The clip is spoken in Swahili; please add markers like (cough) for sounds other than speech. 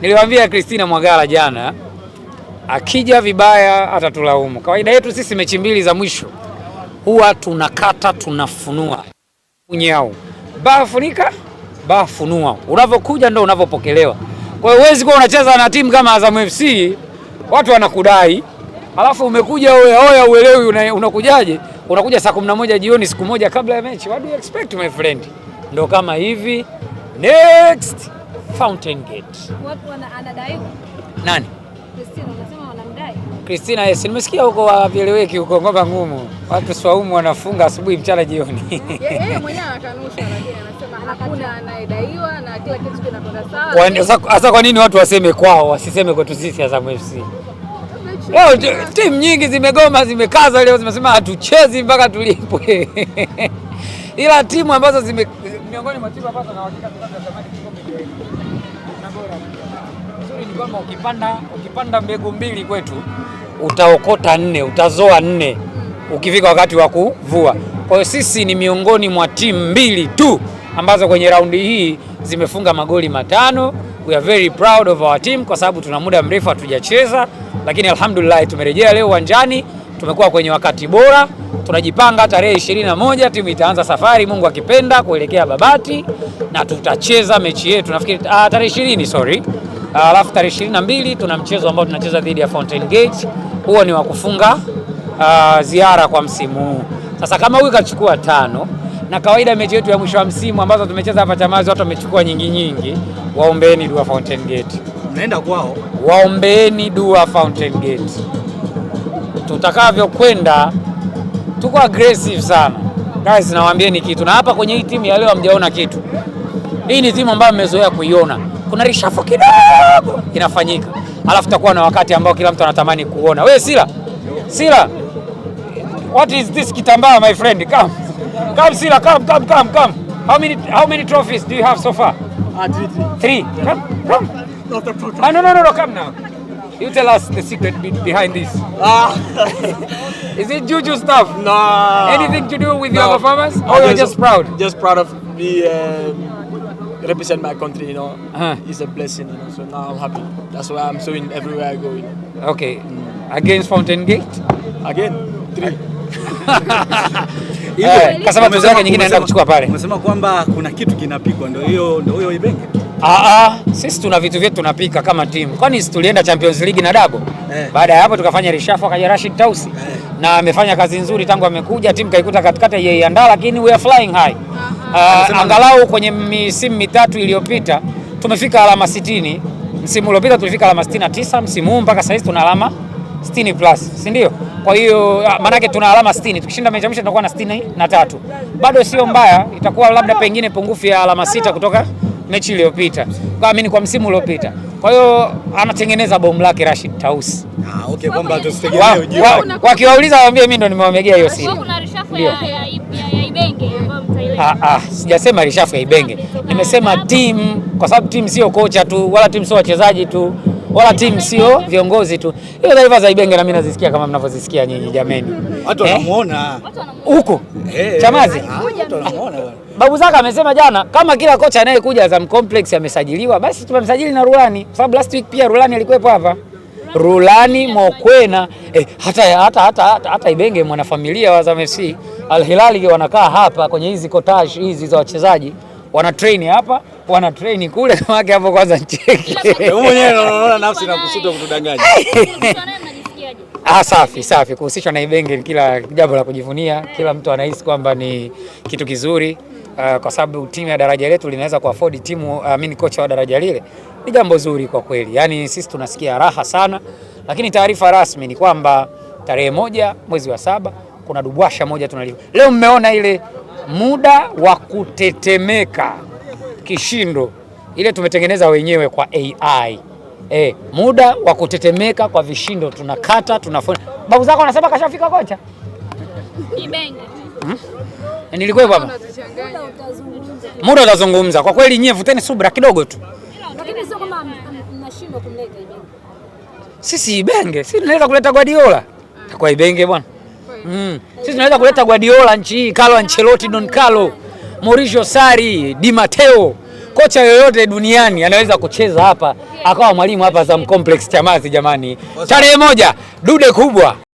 Niliwaambia Christina Mwagala jana, akija vibaya atatulaumu. Kawaida yetu sisi mechi mbili za mwisho huwa tunakata tunafunua unyao bafunika bafunua, unavyokuja ndio unavyopokelewa. Kwa hiyo huwezi kuwa unacheza na timu kama Azam FC, watu wanakudai, alafu umekuja wewe oya, uelewi unakujaje? unakuja saa 11 jioni, siku moja kabla ya mechi. What do you expect my friend? Ndio kama hivi next Fountain Gate. Watu wana anadaiwa. Nani? Christina wanasema wanamdai. Christina, yes, nimesikia huko wavyeleweki huko ngoma ngumu. Watu swaumu wanafunga asubuhi, mchana, jioni. (laughs) Sasa kwa nini watu waseme kwao wasiseme kwetu sisi Azam FC? Leo timu nyingi zimegoma zimekaza, leo zimesema hatuchezi mpaka tulipwe. (laughs) Ila timu ambazo zime miongoni mwa timu ambazo na hakika tunazotamani kikombe na bora. Nzuri ni kwamba ukipanda ukipanda mbegu mbili kwetu utaokota nne, utazoa nne ukifika wakati wa kuvua. Kwa hiyo sisi ni miongoni mwa timu mbili tu ambazo kwenye raundi hii zimefunga magoli matano. We are very proud of our team kwa sababu tuna muda mrefu hatujacheza, lakini alhamdulillah tumerejea leo uwanjani tumekuwa kwenye wakati bora, tunajipanga. Tarehe ishirini na moja timu itaanza safari, Mungu akipenda, kuelekea Babati na tutacheza mechi yetu nafikiri ah, tarehe ishirini sorry, ah, alafu tarehe ishirini na mbili tuna mchezo ambao tunacheza dhidi ya Fountain Gate. Huo ni wa kufunga ah, ziara kwa msimu huu. Sasa kama huyu kachukua tano na kawaida mechi yetu ya mwisho wa msimu ambazo tumecheza hapa Chamazi watu wamechukua nyingi nyingi, waombeeni dua Fountain Gate. Mnaenda kwao, waombeeni dua Fountain Gate tutakavyokwenda tuko aggressive sana guys, Nawaambia ni kitu. Na hapa kwenye hii timu ya leo hamjaona kitu. Hii ni timu ambayo mmezoea kuiona, kuna reshuffle kidogo inafanyika, alafu takuwa na wakati ambao kila mtu anatamani kuona. We Sila, Sila, what is this kitambaa my friend? Come, come Sila, come, come, come, come. How many, how many trophies do you have so far? Uh, three, three. Three. Come, come. Ah, no, no, no, no, come now. You tell us the secret behind this. Ah. (laughs) Is it juju stuff? No. Nah. Anything to do with no. your performance? Or you're just proud? Just proud of me um, represent my country, you know. Uh-huh. It's a blessing, you know. So now I'm happy. That's why I'm showing everywhere I go, you know. Okay. Mm. Against Fountain Gate? Again, three. Ile kasema tuzo nyingine anaenda kuchukua pale. Unasema kwamba kuna kitu kinapikwa ndio hiyo ndio hiyo ibenge. Ah, ah, sisi tuna vitu vyetu tunapika kama timu. Kwani sisi tulienda Champions League na Dabo? Eh. Baada ya hapo tukafanya reshafu akaja Rashid Tausi. Eh. Na amefanya kazi nzuri tangu amekuja, timu kaikuta katikati yeye yaiandaa, lakini we are flying high. Uh, angalau kwenye misimu mitatu iliyopita tumefika alama 60. Msimu uliopita tulifika alama 69, msimu huu mpaka sasa hivi tuna alama 60 plus, si ndio? Kwa hiyo maana yake tuna alama 60. tukishinda mechi ya mwisho tunakuwa na 63. Bado sio mbaya, itakuwa labda pengine pungufu ya alama sita kutoka mechi iliyopita, kwa mimi kwa msimu uliopita. Kwa hiyo anatengeneza bomu lake Rashid Tausi. Ah, okay, kwamba tusitegemee ujio. Wakiwauliza waambie mimi ndo nimewamegea hiyo simu. Kuna rishafu ya Ibenge ambayo mtailewa. Ah, ah, sijasema rishafu ya Ibenge, ah, nimesema timu, kwa sababu timu sio kocha tu wala timu sio wachezaji tu wala timu sio viongozi tu. Hiyo taarifa za Ibenge na mimi nazisikia kama mnavyozisikia nyinyi jameni. Watu eh? wanamuona. Huko. Chamazi. Watu wanamuona eh. ah, Babu Zaka amesema jana kama kila kocha anayekuja Azam Complex amesajiliwa, basi tumemsajili na Rulani kwa sababu last week pia Rulani alikuwepo hapa. Rulani Mokwena eh, hata, hata, hata, hata, hata Ibenge mwanafamilia wa Azam FC Al Hilali wanakaa hapa kwenye hizi cottage hizi za wachezaji wana train hapa wana train kule wake (laughs) hapo, kwanza cheki wewe mwenyewe unaona nafsi na kusudia kutudanganya. Ah, safi safi. Kuhusishwa na Ibenge ni kila jambo la kujivunia, kila mtu anahisi kwamba ni kitu kizuri. Uh, kwa sababu timu ya daraja letu linaweza kuafford timu uh, mimi kocha wa daraja lile, ni jambo zuri kwa kweli. Yaani sisi tunasikia raha sana, lakini taarifa rasmi ni kwamba tarehe moja mwezi wa saba kuna dubwasha moja tunalio leo. Mmeona ile muda wa kutetemeka kishindo, ile tumetengeneza wenyewe kwa AI. Eh, muda wa kutetemeka kwa vishindo tunakata, tunafona. Babu zako anasema kashafika kocha hmm? Nilikuwa hapa. Muda utazungumza kwa kweli, nyie vuteni subra kidogo tu. Sisi Ibenge, sisi tunaweza kuleta Guardiola kwa Ibenge bwana mm. Sisi tunaweza kuleta Guardiola nchi hii, Carlo Ancelotti, Don Carlo Mauricio Sarri, Di Matteo, kocha yoyote duniani anaweza kucheza hapa akawa mwalimu hapa Azam Complex Chamazi. Jamani, tarehe moja dude kubwa.